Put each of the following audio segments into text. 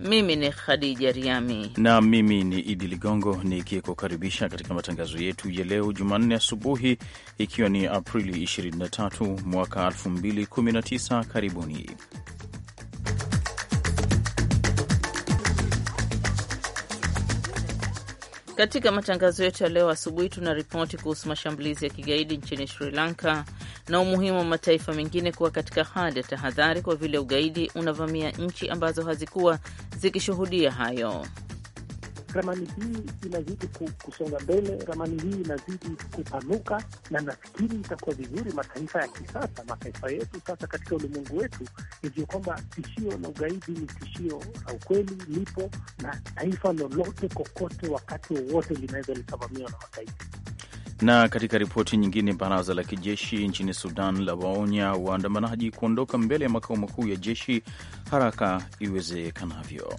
Mimi ni Khadija Riami na mimi ni Idi Ligongo nikikukaribisha katika matangazo yetu ya leo Jumanne asubuhi, ikiwa ni Aprili 23 mwaka 2019. Karibuni Katika matangazo yetu ya leo asubuhi, tuna ripoti kuhusu mashambulizi ya kigaidi nchini Sri Lanka na umuhimu wa mataifa mengine kuwa katika hali ya tahadhari, kwa vile ugaidi unavamia nchi ambazo hazikuwa zikishuhudia hayo ramani hii inazidi kusonga mbele, ramani hii inazidi kupanuka, na nafikiri itakuwa vizuri mataifa ya kisasa, mataifa yetu sasa katika ulimwengu wetu, nivyo kwamba tishio la ugaidi ni tishio la ukweli, lipo na taifa lolote kokote, wakati wowote linaweza likavamiwa na mataifa na katika ripoti nyingine, baraza la kijeshi nchini Sudan la waonya waandamanaji kuondoka mbele ya makao makuu ya jeshi haraka iwezekanavyo.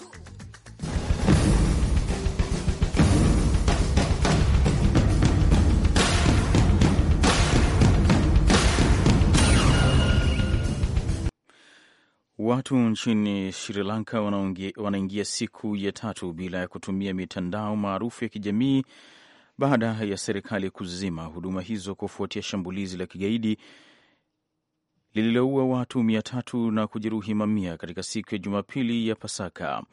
Watu nchini Sri Lanka wanaingia siku ya tatu bila ya kutumia mitandao maarufu ya kijamii baada ya serikali kuzima huduma hizo kufuatia shambulizi la kigaidi lililoua watu mia tatu na kujeruhi mamia katika siku ya Jumapili ya Pasaka.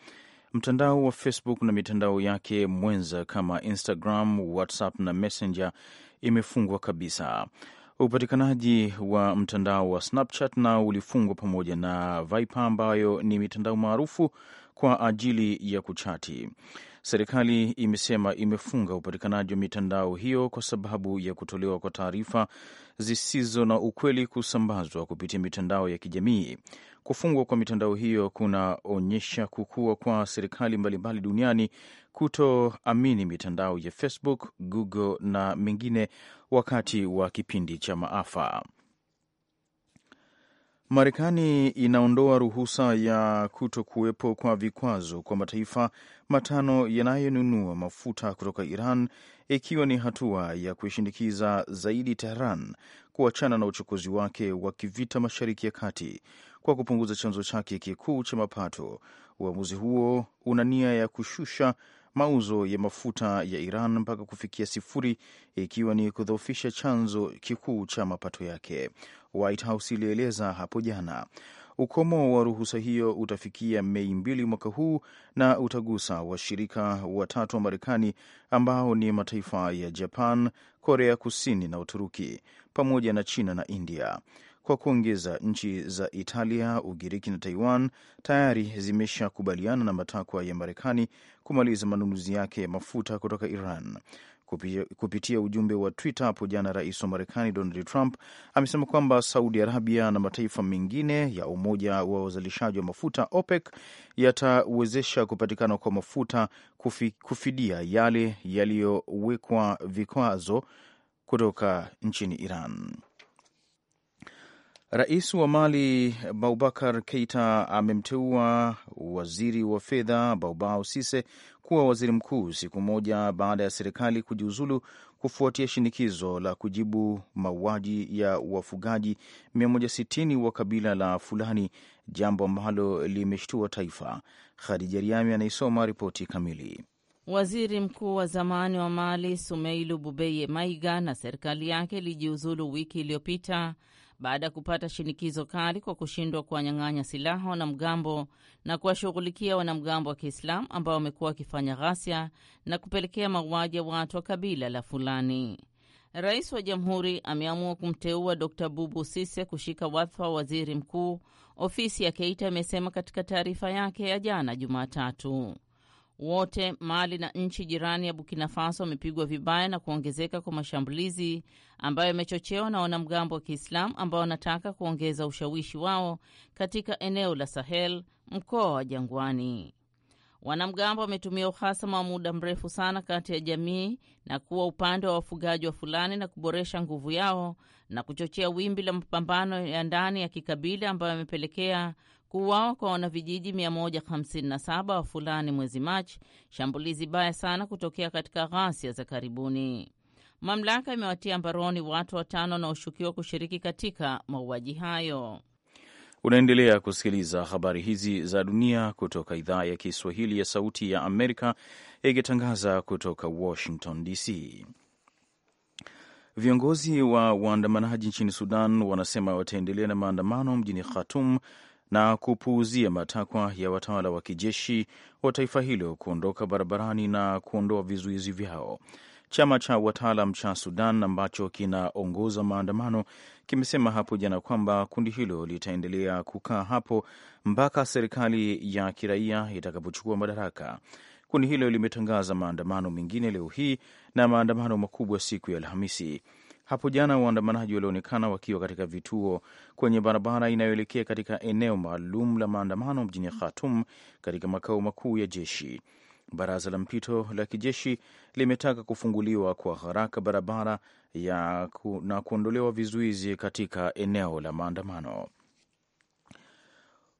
Mtandao wa Facebook na mitandao yake mwenza kama Instagram, WhatsApp na Messenger imefungwa kabisa upatikanaji wa mtandao wa Snapchat na ulifungwa pamoja na Viber ambayo ni mitandao maarufu kwa ajili ya kuchati. Serikali imesema imefunga upatikanaji wa mitandao hiyo kwa sababu ya kutolewa kwa taarifa zisizo na ukweli kusambazwa kupitia mitandao ya kijamii. Kufungwa kwa mitandao hiyo kunaonyesha kukua kwa serikali mbalimbali duniani kutoamini mitandao ya Facebook, Google na mengine wakati wa kipindi cha maafa. Marekani inaondoa ruhusa ya kuto kuwepo kwa vikwazo kwa mataifa matano yanayonunua mafuta kutoka Iran, ikiwa ni hatua ya kuishindikiza zaidi Tehran kuachana na uchokozi wake wa kivita Mashariki ya Kati kwa kupunguza chanzo chake kikuu cha mapato. Uamuzi huo una nia ya kushusha mauzo ya mafuta ya Iran mpaka kufikia sifuri, ikiwa ni kudhoofisha chanzo kikuu cha mapato yake, White House ilieleza hapo jana. Ukomo wa ruhusa hiyo utafikia Mei mbili mwaka huu na utagusa washirika watatu wa Marekani ambao ni mataifa ya Japan, Korea Kusini na Uturuki pamoja na China na India kwa kuongeza nchi za Italia, Ugiriki na Taiwan tayari zimeshakubaliana na matakwa ya Marekani kumaliza manunuzi yake ya mafuta kutoka Iran. Kupitia ujumbe wa Twitter hapo jana, rais wa Marekani Donald Trump amesema kwamba Saudi Arabia na mataifa mengine ya Umoja wa Wazalishaji wa Mafuta OPEC yatawezesha kupatikana kwa mafuta kufi, kufidia yale yaliyowekwa vikwazo kutoka nchini Iran. Rais wa Mali Baubakar Keita amemteua waziri wa fedha Baubao Sise kuwa waziri mkuu siku moja baada ya serikali kujiuzulu kufuatia shinikizo la kujibu mauaji ya wafugaji 160 wa kabila la Fulani, jambo ambalo limeshtua taifa. Khadija Riami anaisoma ripoti kamili. Waziri mkuu wa zamani wa Mali Sumeilu Bubeye Maiga na serikali yake ilijiuzulu wiki iliyopita baada ya kupata shinikizo kali kwa kushindwa kuwanyang'anya silaha wanamgambo na kuwashughulikia wanamgambo wa Kiislamu ambao wamekuwa wakifanya ghasia na kupelekea mauaji ya watu wa kabila la Fulani. Rais wa Jamhuri ameamua kumteua Dr Bubu Sise kushika wadhifa wa waziri mkuu, ofisi ya Keita imesema katika taarifa yake ya jana Jumatatu wote Mali na nchi jirani ya Burkina Faso wamepigwa vibaya na kuongezeka kwa mashambulizi ambayo yamechochewa na wanamgambo wa Kiislamu ambao wanataka kuongeza ushawishi wao katika eneo la Sahel, mkoa wa Jangwani. Wanamgambo wametumia uhasama wa muda mrefu sana kati ya jamii na kuwa upande wa wafugaji wa Fulani na kuboresha nguvu yao na kuchochea wimbi la mapambano ya ndani ya kikabila ambayo yamepelekea kuuawa kwa wanavijiji 157 wa Fulani mwezi Machi, shambulizi baya sana kutokea katika ghasia za karibuni. Mamlaka imewatia mbaroni watu watano wanaoshukiwa kushiriki katika mauaji hayo. Unaendelea kusikiliza habari hizi za dunia kutoka idhaa ya Kiswahili ya Sauti ya Amerika ikitangaza kutoka Washington DC. Viongozi wa waandamanaji nchini Sudan wanasema wataendelea na maandamano mjini Khartoum na kupuuzia matakwa ya watawala wa kijeshi wa taifa hilo kuondoka barabarani na kuondoa vizuizi vyao. Chama cha wataalam cha Sudan ambacho kinaongoza maandamano kimesema hapo jana kwamba kundi hilo litaendelea kukaa hapo mpaka serikali ya kiraia itakapochukua madaraka. Kundi hilo limetangaza maandamano mengine leo hii na maandamano makubwa siku ya Alhamisi. Hapo jana waandamanaji walionekana wakiwa katika vituo kwenye barabara inayoelekea katika eneo maalum la maandamano mjini Khartoum katika makao makuu ya jeshi. Baraza la mpito la kijeshi limetaka kufunguliwa kwa haraka barabara ya na kuondolewa vizuizi katika eneo la maandamano.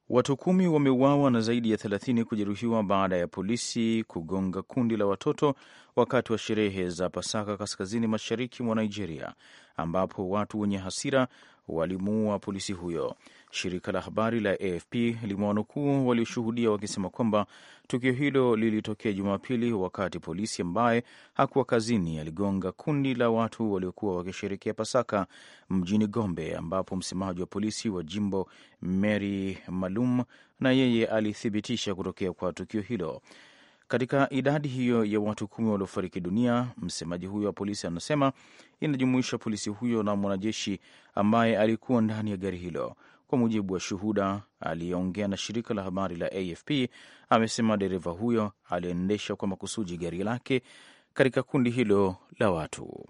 Watu kumi wameuawa na zaidi ya thelathini kujeruhiwa baada ya polisi kugonga kundi la watoto wakati wa sherehe za Pasaka kaskazini mashariki mwa Nigeria, ambapo watu wenye hasira walimuua polisi huyo. Shirika la habari la AFP limewanukuu walioshuhudia wakisema kwamba tukio hilo lilitokea Jumapili wakati polisi ambaye hakuwa kazini aligonga kundi la watu waliokuwa wakisherekea Pasaka mjini Gombe, ambapo msemaji wa polisi wa jimbo Mary Malum na yeye alithibitisha kutokea kwa tukio hilo. Katika idadi hiyo ya watu kumi waliofariki dunia, msemaji huyo wa polisi anasema inajumuisha polisi huyo na mwanajeshi ambaye alikuwa ndani ya gari hilo. Kwa mujibu wa shuhuda aliyeongea na shirika la habari la AFP, amesema dereva huyo aliendesha kwa makusudi gari lake katika kundi hilo la watu.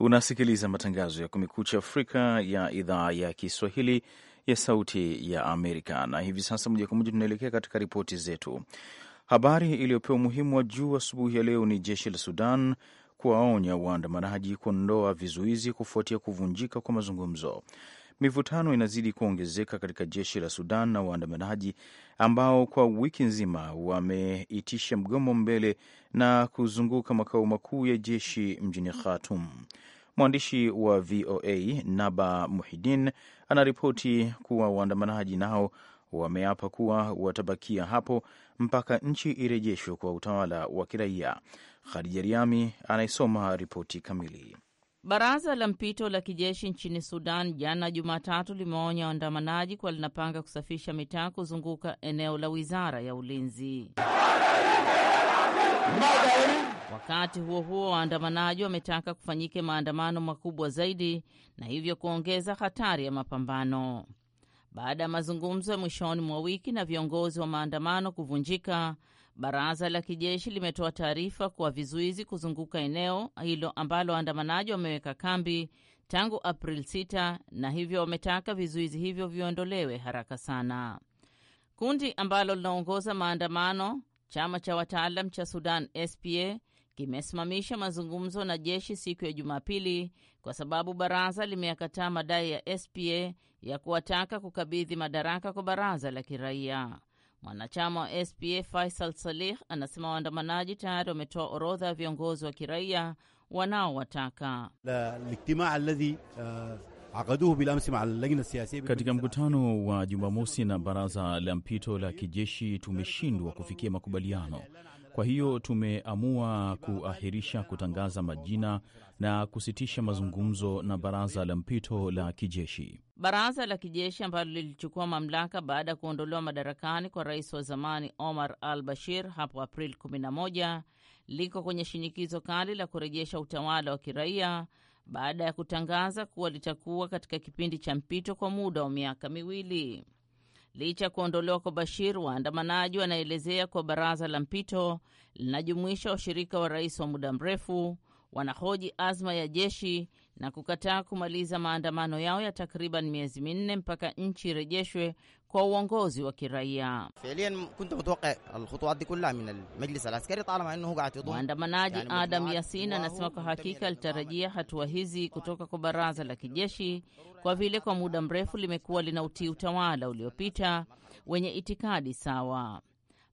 Unasikiliza matangazo ya Kumekucha Afrika ya idhaa ya Kiswahili ya Sauti ya Amerika. Na hivi sasa moja kwa moja tunaelekea katika ripoti zetu. Habari iliyopewa umuhimu wa juu asubuhi ya leo ni jeshi la Sudan kuwaonya waandamanaji kuondoa vizuizi kufuatia kuvunjika kwa mazungumzo. Mivutano inazidi kuongezeka katika jeshi la Sudan na waandamanaji ambao kwa wiki nzima wameitisha mgomo mbele na kuzunguka makao makuu ya jeshi mjini Khartoum. Mwandishi wa VOA Naba Muhidin anaripoti kuwa waandamanaji nao wameapa kuwa watabakia hapo mpaka nchi irejeshwe kwa utawala wa kiraia. Khadija Riami anayesoma ripoti kamili. Baraza la mpito la kijeshi nchini Sudan jana Jumatatu limeonya waandamanaji kuwa linapanga kusafisha mitaa kuzunguka eneo la wizara ya ulinzi Wakati huo huo, waandamanaji wametaka kufanyike maandamano makubwa zaidi na hivyo kuongeza hatari ya mapambano. Baada ya mazungumzo ya mwishoni mwa wiki na viongozi wa maandamano kuvunjika, baraza la kijeshi limetoa taarifa kwa vizuizi kuzunguka eneo hilo ambalo waandamanaji wameweka kambi tangu Aprili 6 na hivyo wametaka vizuizi hivyo viondolewe haraka sana. Kundi ambalo linaongoza maandamano, chama cha wataalam cha Sudan SPA, kimesimamisha mazungumzo na jeshi siku ya Jumapili kwa sababu baraza limeyakataa madai ya SPA ya kuwataka kukabidhi madaraka kwa baraza la kiraia. Mwanachama wa SPA Faisal Salih anasema waandamanaji tayari wametoa orodha ya viongozi wa kiraia wanaowataka. Uh, Katika mkutano wa Jumamosi na baraza la mpito la kijeshi, tumeshindwa kufikia makubaliano kwa hiyo tumeamua kuahirisha kutangaza majina na kusitisha mazungumzo na baraza la mpito la kijeshi. Baraza la kijeshi ambalo lilichukua mamlaka baada ya kuondolewa madarakani kwa rais wa zamani Omar al Bashir hapo Aprili 11 liko kwenye shinikizo kali la kurejesha utawala wa kiraia baada ya kutangaza kuwa litakuwa katika kipindi cha mpito kwa muda wa miaka miwili. Licha ya kuondolewa kwa Bashir, waandamanaji wanaelezea kwa baraza la mpito linajumuisha washirika wa rais wa muda mrefu, wanahoji azma ya jeshi na kukataa kumaliza maandamano yao ya takriban miezi minne mpaka nchi irejeshwe kwa uongozi wa kiraia. Mwandamanaji Adam Yasin anasema kwa hakika alitarajia hatua hizi kutoka kwa baraza la kijeshi, kwa vile kwa muda mrefu limekuwa linautii utawala uliopita wenye itikadi sawa.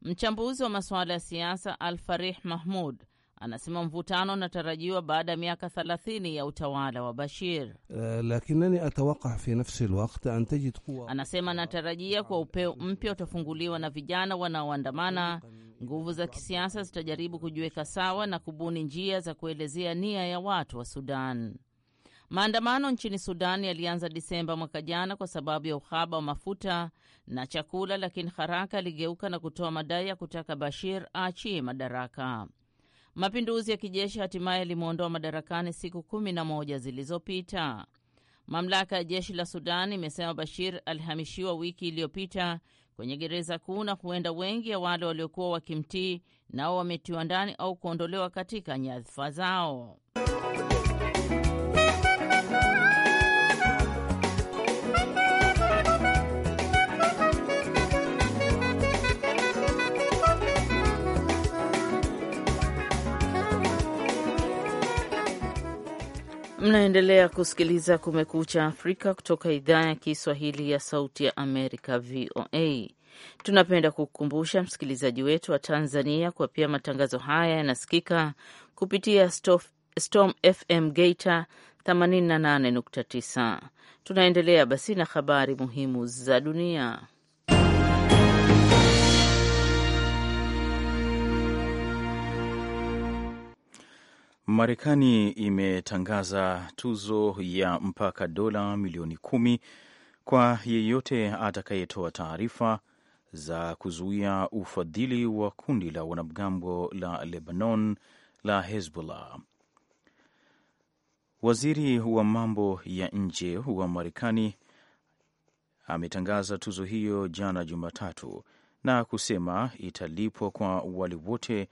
Mchambuzi wa masuala ya siasa alfarih Mahmud Anasema mvutano unatarajiwa baada ya miaka 30 ya utawala wa Bashir. Uh, anasema anatarajia kwa upeo mpya utafunguliwa na vijana wanaoandamana. Nguvu za kisiasa zitajaribu kujiweka sawa na kubuni njia za kuelezea nia ya watu wa Sudan. Maandamano nchini Sudan yalianza Disemba mwaka jana kwa sababu ya uhaba wa mafuta na chakula, lakini haraka aligeuka na kutoa madai ya kutaka Bashir aachie madaraka. Mapinduzi ya kijeshi hatimaye yalimwondoa madarakani siku kumi na moja zilizopita. Mamlaka ya jeshi la Sudan imesema Bashir alihamishiwa wiki iliyopita kwenye gereza kuu na huenda wengi ya wale waliokuwa wakimtii nao wametiwa ndani au kuondolewa katika nyadhifa zao. Mnaendelea kusikiliza Kumekucha Afrika kutoka idhaa ya Kiswahili ya Sauti ya Amerika, VOA. Tunapenda kukukumbusha msikilizaji wetu wa Tanzania kwa pia matangazo haya yanasikika kupitia Stof, Storm FM Geita 88.9. Tunaendelea basi na habari muhimu za dunia. Marekani imetangaza tuzo ya mpaka dola milioni kumi kwa yeyote atakayetoa taarifa za kuzuia ufadhili wa kundi la wanamgambo la Lebanon la Hezbollah. Waziri wa mambo ya nje wa Marekani ametangaza tuzo hiyo jana Jumatatu na kusema italipwa kwa wale wote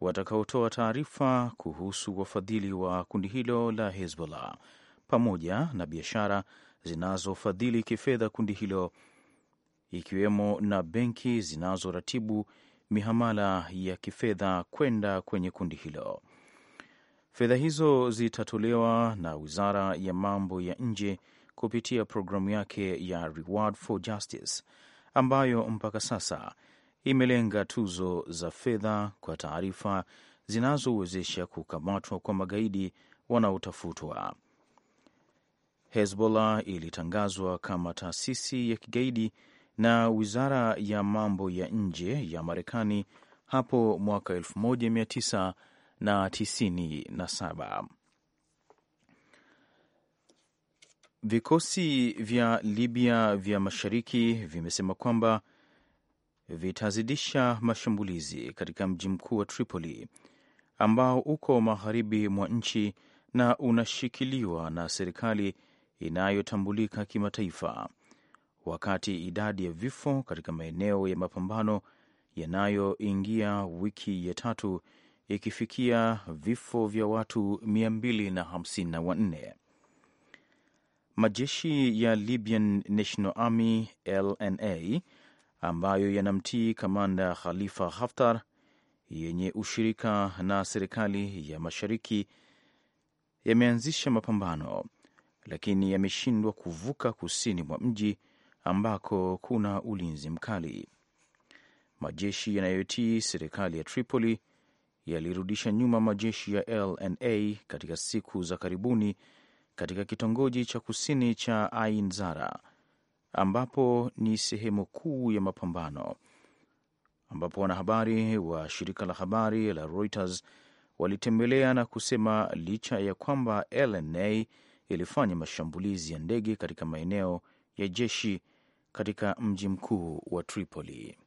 watakaotoa taarifa kuhusu wafadhili wa kundi hilo la Hezbollah pamoja na biashara zinazofadhili kifedha kundi hilo ikiwemo na benki zinazoratibu mihamala ya kifedha kwenda kwenye kundi hilo. Fedha hizo zitatolewa na Wizara ya Mambo ya Nje kupitia programu yake ya Reward for Justice ambayo mpaka sasa imelenga tuzo za fedha kwa taarifa zinazowezesha kukamatwa kwa magaidi wanaotafutwa. Hezbollah ilitangazwa kama taasisi ya kigaidi na wizara ya mambo ya nje ya Marekani hapo mwaka 1997. Vikosi vya Libya vya mashariki vimesema kwamba vitazidisha mashambulizi katika mji mkuu wa Tripoli ambao uko magharibi mwa nchi na unashikiliwa na serikali inayotambulika kimataifa, wakati idadi ya vifo katika maeneo ya mapambano yanayoingia wiki ya tatu ikifikia vifo vya watu 254. Majeshi ya Libyan National Army LNA ambayo yanamtii kamanda Khalifa Haftar yenye ushirika na serikali ya mashariki yameanzisha mapambano lakini yameshindwa kuvuka kusini mwa mji ambako kuna ulinzi mkali. Majeshi yanayotii serikali ya Tripoli yalirudisha nyuma majeshi ya LNA katika siku za karibuni katika kitongoji cha kusini cha Ain Zara ambapo ni sehemu kuu ya mapambano, ambapo wanahabari wa shirika la habari la Reuters walitembelea na kusema licha ya kwamba LNA ilifanya mashambulizi ya ndege katika maeneo ya jeshi katika mji mkuu wa Tripoli.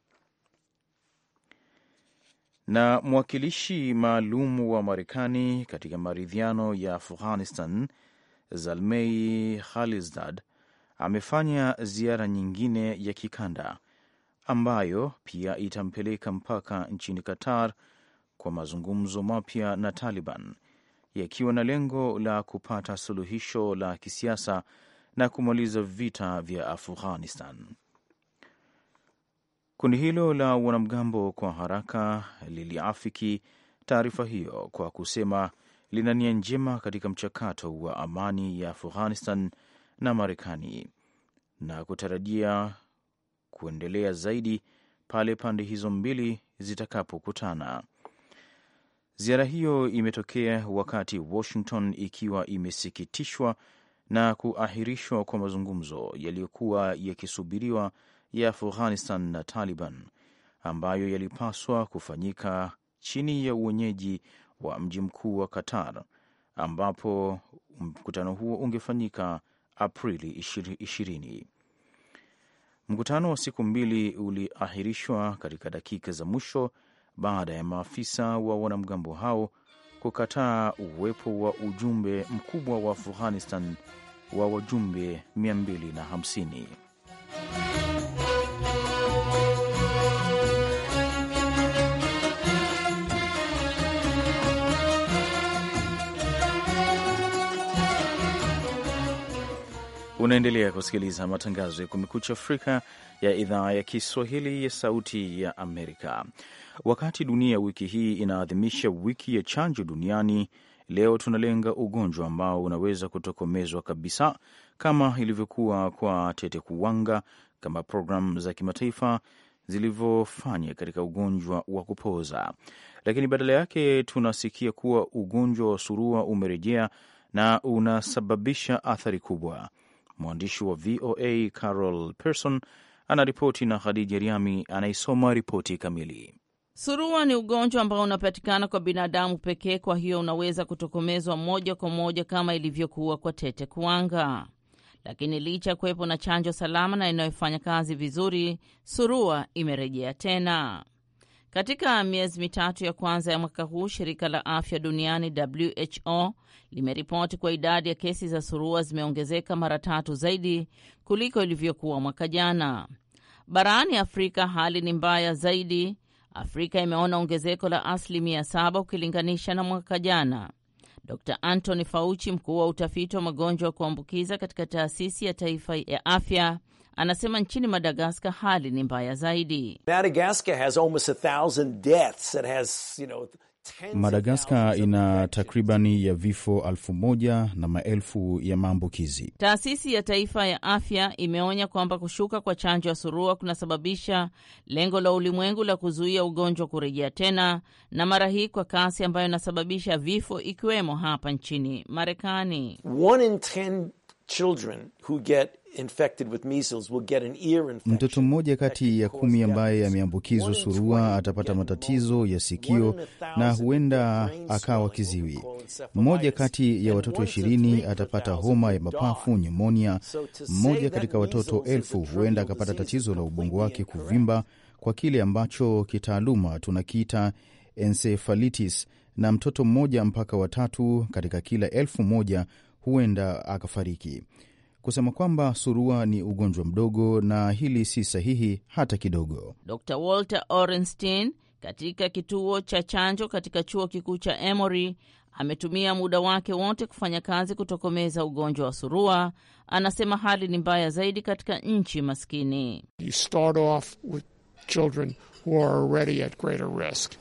Na mwakilishi maalum wa Marekani katika maridhiano ya Afghanistan Zalmei Khalizad amefanya ziara nyingine ya kikanda ambayo pia itampeleka mpaka nchini Qatar kwa mazungumzo mapya na Taliban yakiwa na lengo la kupata suluhisho la kisiasa na kumaliza vita vya Afghanistan. Kundi hilo la wanamgambo kwa haraka liliafiki taarifa hiyo kwa kusema lina nia njema katika mchakato wa amani ya Afghanistan na Marekani na kutarajia kuendelea zaidi pale pande hizo mbili zitakapokutana. Ziara hiyo imetokea wakati Washington ikiwa imesikitishwa na kuahirishwa kwa mazungumzo yaliyokuwa yakisubiriwa ya Afghanistan na Taliban ambayo yalipaswa kufanyika chini ya uwenyeji wa mji mkuu wa Qatar, ambapo mkutano huo ungefanyika Aprili 20. Mkutano wa siku mbili uliahirishwa katika dakika za mwisho baada ya maafisa wa wanamgambo hao kukataa uwepo wa ujumbe mkubwa wa Afghanistan wa wajumbe 250. Unaendelea kusikiliza matangazo ya Kumekucha Afrika ya idhaa ya Kiswahili ya Sauti ya Amerika. Wakati dunia wiki hii inaadhimisha wiki ya chanjo duniani, leo tunalenga ugonjwa ambao unaweza kutokomezwa kabisa, kama ilivyokuwa kwa tete kuwanga, kama programu za kimataifa zilivyofanya katika ugonjwa wa kupoza. Lakini badala yake tunasikia kuwa ugonjwa wa surua umerejea na unasababisha athari kubwa. Mwandishi wa VOA Carol Pearson anaripoti na Khadija Riami anaisoma ripoti kamili. Surua ni ugonjwa ambao unapatikana kwa binadamu pekee, kwa hiyo unaweza kutokomezwa moja kwa moja kama ilivyokuwa kwa tete kuanga. Lakini licha ya kuwepo na chanjo salama na inayofanya kazi vizuri, surua imerejea tena. Katika miezi mitatu ya kwanza ya mwaka huu, shirika la afya duniani WHO limeripoti kwa idadi ya kesi za surua zimeongezeka mara tatu zaidi kuliko ilivyokuwa mwaka jana. Barani Afrika hali ni mbaya zaidi. Afrika imeona ongezeko la asilimia saba ukilinganisha na mwaka jana. Dr Anthony Fauci, mkuu wa utafiti wa magonjwa ya kuambukiza katika taasisi ya taifa ya afya, anasema nchini Madagaskar hali ni mbaya zaidi. Madagaskar ina takribani ya vifo elfu moja na maelfu ya maambukizi. Taasisi ya Taifa ya Afya imeonya kwamba kushuka kwa chanjo ya surua kunasababisha lengo la ulimwengu la kuzuia ugonjwa kurejea tena, na mara hii kwa kasi ambayo inasababisha vifo, ikiwemo hapa nchini Marekani. One in ten children who get Mtoto mmoja kati ya kumi ambaye ameambukizwa surua atapata matatizo ya sikio na huenda akawa kiziwi. Mmoja kati ya watoto ishirini atapata homa ya mapafu, nyumonia. Mmoja katika watoto elfu huenda akapata tatizo la ubongo wake kuvimba kwa kile ambacho kitaaluma tunakiita encephalitis, na mtoto mmoja mpaka watatu katika kila elfu moja huenda akafariki kusema kwamba surua ni ugonjwa mdogo, na hili si sahihi hata kidogo. Dr Walter Orenstein katika kituo cha chanjo katika chuo kikuu cha Emory ametumia muda wake wote kufanya kazi kutokomeza ugonjwa wa surua. Anasema hali ni mbaya zaidi katika nchi maskini. You start off with children who are already at greater risk.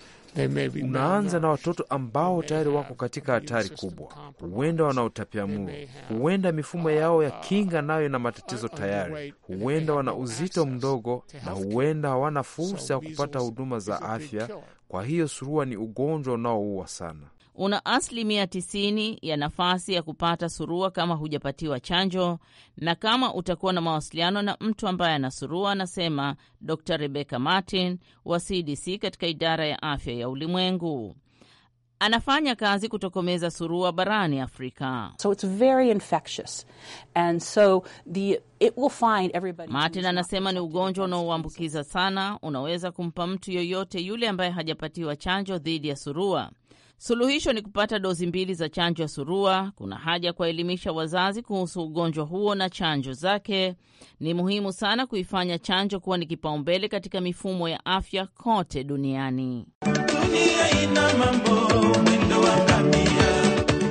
Unaanza na watoto ambao tayari wako katika hatari kubwa, huenda wana utapiamlo, huenda mifumo yao ya kinga nayo ina matatizo tayari, huenda wana uzito mdogo, na huenda hawana fursa ya kupata huduma za afya. Kwa hiyo surua ni ugonjwa unaoua sana una asilimia 90 ya nafasi ya kupata surua kama hujapatiwa chanjo na kama utakuwa na mawasiliano na mtu ambaye ana surua, anasema Dr Rebecca Martin wa CDC katika idara ya afya ya ulimwengu. Anafanya kazi kutokomeza surua barani Afrika. So it's very infectious. And so the, it will find everybody. Martin anasema ni ugonjwa unaoambukiza sana, unaweza kumpa mtu yoyote yule ambaye hajapatiwa chanjo dhidi ya surua Suluhisho ni kupata dozi mbili za chanjo ya surua. Kuna haja ya kuwaelimisha wazazi kuhusu ugonjwa huo na chanjo zake. Ni muhimu sana kuifanya chanjo kuwa ni kipaumbele katika mifumo ya afya kote duniani. Dunia ina mambo, mwendo wa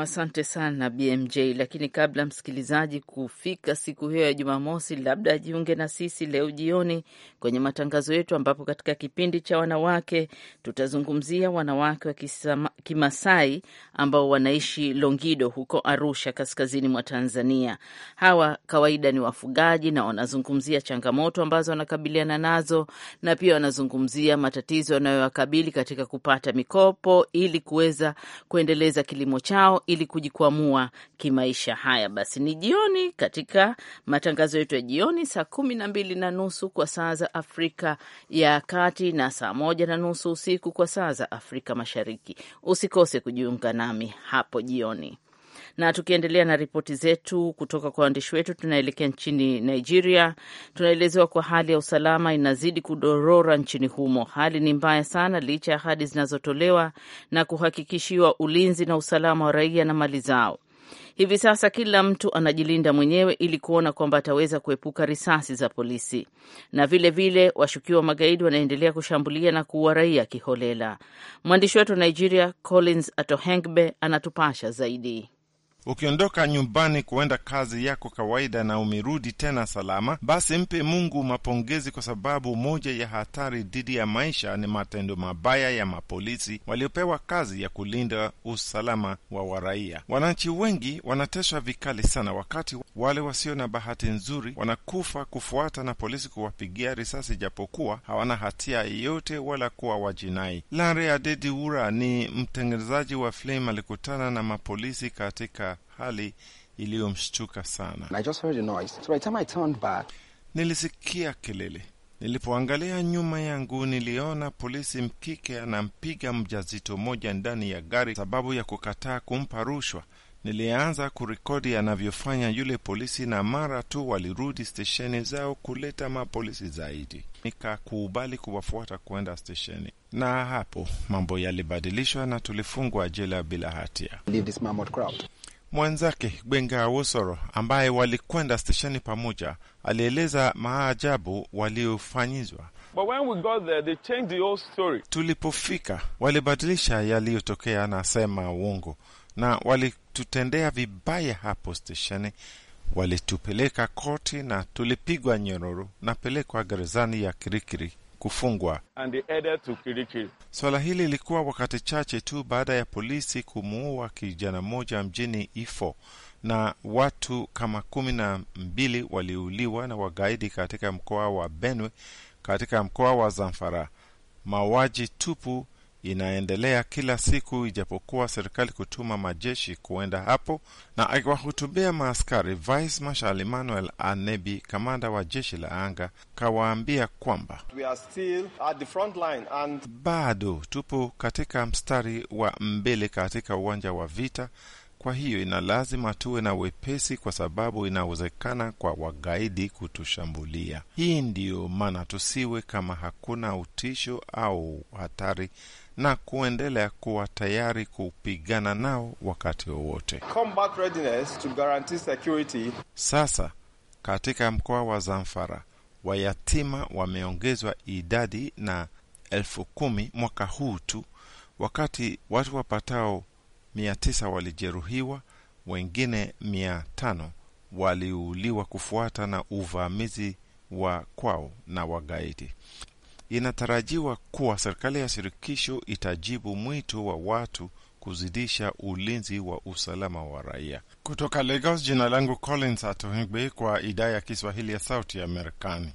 asante sana BMJ. Lakini kabla msikilizaji kufika siku hiyo ya Jumamosi, labda ajiunge na sisi leo jioni kwenye matangazo yetu, ambapo katika kipindi cha wanawake tutazungumzia wanawake wa Kimasai ambao wanaishi Longido huko Arusha, kaskazini mwa Tanzania. Hawa kawaida ni wafugaji na wanazungumzia changamoto ambazo wanakabiliana nazo na pia wanazungumzia matatizo yanayowakabili katika kupata mikopo ili kuweza kuendeleza kilimo chao ili kujikwamua kimaisha. Haya basi, ni jioni katika matangazo yetu ya jioni, saa kumi na mbili na nusu kwa saa za Afrika ya Kati na saa moja na nusu usiku kwa saa za Afrika Mashariki. Usikose kujiunga nami hapo jioni. Na tukiendelea na ripoti zetu kutoka kwa waandishi wetu, tunaelekea nchini Nigeria. Tunaelezewa kwa hali ya usalama inazidi kudorora nchini humo. Hali ni mbaya sana, licha ya ahadi zinazotolewa na kuhakikishiwa ulinzi na usalama wa raia na mali zao. Hivi sasa kila mtu anajilinda mwenyewe ili kuona kwamba ataweza kuepuka risasi za polisi, na vilevile vile washukiwa magaidi wanaendelea kushambulia na kuua raia kiholela. Mwandishi wetu wa Nigeria, Collins Atohengbe, anatupasha zaidi. Ukiondoka nyumbani kuenda kazi yako kawaida na umerudi tena salama, basi mpe Mungu mapongezi, kwa sababu moja ya hatari dhidi ya maisha ni matendo mabaya ya mapolisi waliopewa kazi ya kulinda usalama wa waraia. Wananchi wengi wanateswa vikali sana, wakati wale wasio na bahati nzuri wanakufa kufuata na polisi kuwapigia risasi, japokuwa hawana hatia yeyote wala kuwa wajinai. Lare ura ni mtengenezaji wa filamu, alikutana na mapolisi katika hali iliyomshtuka sana. nilisikia kelele. Nilipoangalia nyuma yangu, niliona polisi mkike anampiga mjazito mmoja ndani ya gari sababu ya kukataa kumpa rushwa. Nilianza kurekodi anavyofanya yule polisi, na mara tu walirudi stesheni zao kuleta mapolisi zaidi, nikakubali kuwafuata kwenda stesheni, na hapo mambo yalibadilishwa na tulifungwa jela bila hatia. Leave this Mwenzake Gbenga Wosoro ambaye walikwenda stesheni pamoja alieleza maajabu waliofanyizwa. Tulipofika walibadilisha yaliyotokea na sema uongo, na walitutendea vibaya hapo stesheni. Walitupeleka koti na tulipigwa nyororo na pelekwa gerezani ya Kirikiri kufungwa. Swala hili lilikuwa wakati chache tu baada ya polisi kumuua kijana mmoja mjini Ifo na watu kama kumi na mbili waliuliwa na wagaidi katika mkoa wa Benwe katika mkoa wa Zamfara, mauaji tupu inaendelea kila siku, ijapokuwa serikali kutuma majeshi kuenda hapo. Na akiwahutubia maaskari, Vice Marshal Emmanuel Anebi, kamanda wa jeshi la anga, kawaambia kwamba We are still at the front line and... bado tupo katika mstari wa mbele katika uwanja wa vita kwa hiyo ina lazima tuwe na wepesi, kwa sababu inawezekana kwa wagaidi kutushambulia. Hii ndiyo maana tusiwe kama hakuna utisho au hatari, na kuendelea kuwa tayari kupigana nao wakati wowote. Sasa katika mkoa wa Zamfara wayatima wameongezwa idadi na elfu kumi mwaka huu tu, wakati watu wapatao 9 walijeruhiwa, wengine 5 waliuliwa kufuata na uvamizi wa kwao na wagaidi. Inatarajiwa kuwa serikali ya shirikisho itajibu mwito wa watu kuzidisha ulinzi wa usalama wa raia. Kutoka Lagos, jina langu Collins atohigbe kwa idaa ya Kiswahili ya Sauti ya merekani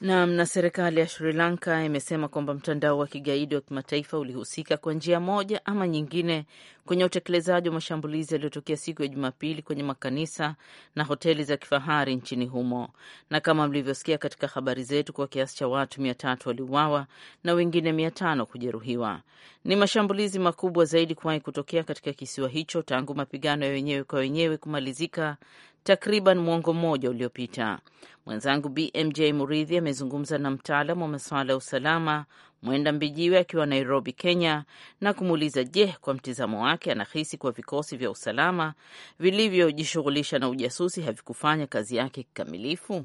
Nam. Na serikali ya Sri Lanka imesema kwamba mtandao wa kigaidi wa kimataifa ulihusika kwa njia moja ama nyingine kwenye utekelezaji wa mashambulizi yaliyotokea siku ya Jumapili kwenye makanisa na hoteli za kifahari nchini humo. Na kama mlivyosikia katika habari zetu, kwa kiasi cha watu mia tatu waliuawa na wengine mia tano kujeruhiwa. Ni mashambulizi makubwa zaidi kuwahi kutokea katika kisiwa hicho tangu mapigano ya wenyewe kwa wenyewe kumalizika takriban mwongo mmoja uliopita. Mwenzangu BMJ Muridhi amezungumza na mtaalamu wa masuala ya usalama Mwenda Mbijiwe akiwa Nairobi, Kenya, na kumuuliza je, kwa mtizamo wake anahisi kwa vikosi vya usalama vilivyojishughulisha na ujasusi havikufanya kazi yake kikamilifu.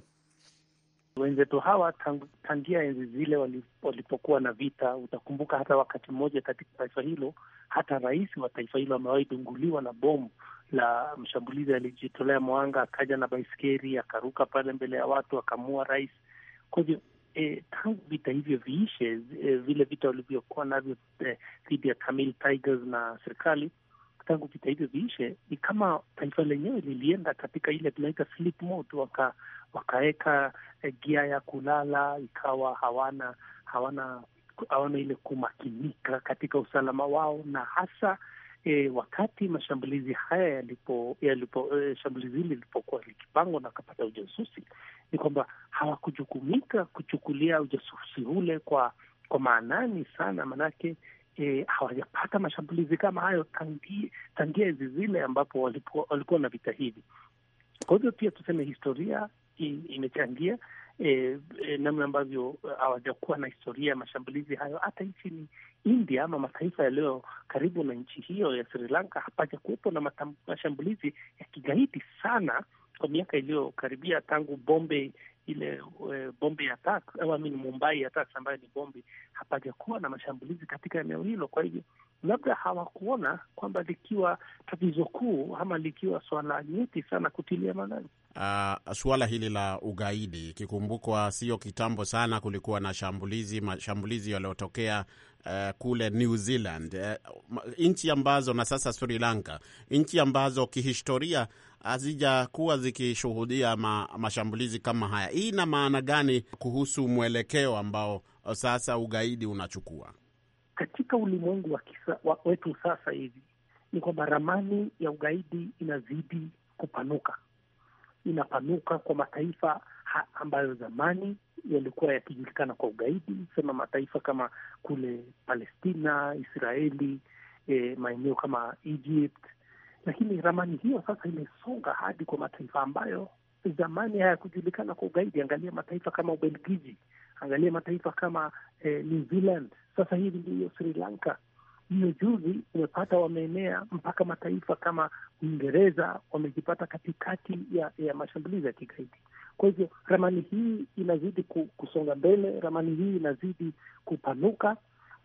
Wenzetu hawa tangia enzi zile walipokuwa na vita, utakumbuka hata wakati mmoja katika taifa hilo, hata rais wa taifa hilo amewahi dunguliwa na bomu la mshambulizi alijitolea mwanga, akaja na baiskeli akaruka pale mbele ya watu akamua rais. Kwa hivyo e, tangu vita hivyo viishe, e, vile vita walivyokuwa navyo eh, dhidi e, ya Tamil Tigers na serikali tangu vita hivyo viishe, ni kama taifa lenyewe lilienda katika ile tunaita sleep mode, waka wakaweka eh, gia ya kulala, ikawa hawana hawana hawana ile kumakinika katika usalama wao, na hasa e, wakati mashambulizi haya yalipo yalipo e, shambulizi hili lilipokuwa likipangwa na wakapata ujasusi, ni kwamba hawakujukumika kuchukulia ujasusi ule kwa kwa maanani sana, maanake e, hawajapata mashambulizi kama hayo tangia, tangia hizi zile ambapo walikuwa na vita hivi. Kwa hivyo pia tuseme historia imechangia e, e, namna ambavyo hawajakuwa na historia ya mashambulizi hayo. Hata nchini India ama mataifa yaliyo karibu na nchi hiyo ya Sri Lanka hapaja kuwepo na mashambulizi ya kigaidi sana kwa miaka iliyokaribia tangu Bombay ile e, bombi attack au amin Mumbai ya tax ambayo ni bombi, hapajakuwa na mashambulizi katika eneo hilo. Kwa hivyo labda hawakuona kwamba likiwa tatizo kuu ama likiwa swala nyeti sana kutilia maanani. Uh, ah, suala hili la ugaidi ikikumbukwa, sio kitambo sana kulikuwa na shambulizi mashambulizi yaliyotokea uh, kule New Zealand uh, nchi ambazo na sasa Sri Lanka, nchi ambazo kihistoria hazijakuwa zikishuhudia ma, mashambulizi kama haya. Hii ina maana gani kuhusu mwelekeo ambao uh, sasa ugaidi unachukua katika ulimwengu wetu sasa hivi? Ni kwamba ramani ya ugaidi inazidi kupanuka, inapanuka kwa mataifa ha, ambayo zamani yalikuwa yakijulikana kwa ugaidi, sema mataifa kama kule Palestina, Israeli, eh, maeneo kama Egypt lakini ramani hiyo sasa imesonga hadi kwa mataifa ambayo zamani hayakujulikana kwa ugaidi. Angalia mataifa kama Ubelgiji, angalia mataifa kama eh, New Zealand, sasa hivi ndiyo Sri Lanka. Hiyo juzi umepata wameenea mpaka mataifa kama Uingereza, wamejipata katikati ya, ya mashambulizi ya kigaidi. Kwa hivyo ramani hii inazidi kusonga mbele, ramani hii inazidi kupanuka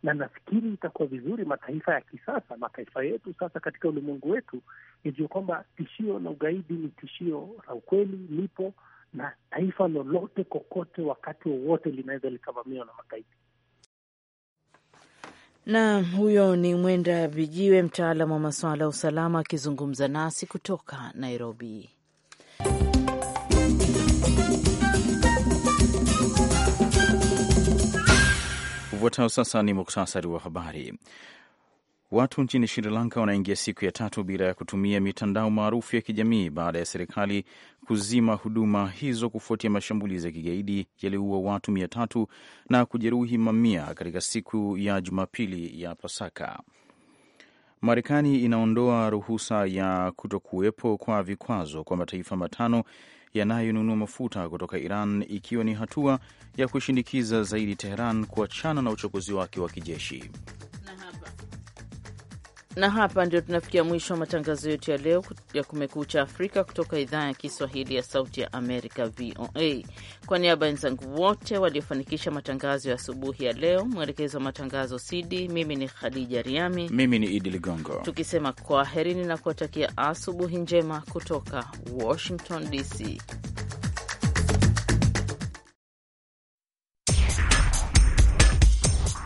na nafikiri itakuwa vizuri mataifa ya kisasa, mataifa yetu sasa katika ulimwengu wetu, yajua kwamba tishio la ugaidi ni tishio la ukweli, lipo na taifa lolote kokote, wakati wowote linaweza likavamiwa na magaidi. Naam, huyo ni Mwenda Vijiwe, mtaalamu wa masuala ya usalama akizungumza nasi kutoka Nairobi. Ufuatao sasa ni muktasari wa habari. Watu nchini Sri Lanka wanaingia siku ya tatu bila ya kutumia mitandao maarufu ya kijamii baada ya serikali kuzima huduma hizo kufuatia mashambulizi ya kigaidi yaliyoua watu mia tatu na kujeruhi mamia katika siku ya Jumapili ya Pasaka. Marekani inaondoa ruhusa ya kutokuwepo kwa vikwazo kwa mataifa matano yanayonunua mafuta kutoka Iran, ikiwa ni hatua ya kushinikiza zaidi Teheran kuachana na uchokozi wake wa kijeshi na hapa ndio tunafikia mwisho wa matangazo yetu ya leo ya Kumekucha Afrika kutoka idhaa ya Kiswahili ya Sauti ya Amerika, VOA. Kwa niaba ya wenzangu wote waliofanikisha matangazo ya asubuhi ya leo, mwelekezi wa matangazo CD, mimi ni Khadija Riami, mimi ni Idi Ligongo, tukisema kwaherini na kuwatakia asubuhi njema kutoka Washington DC.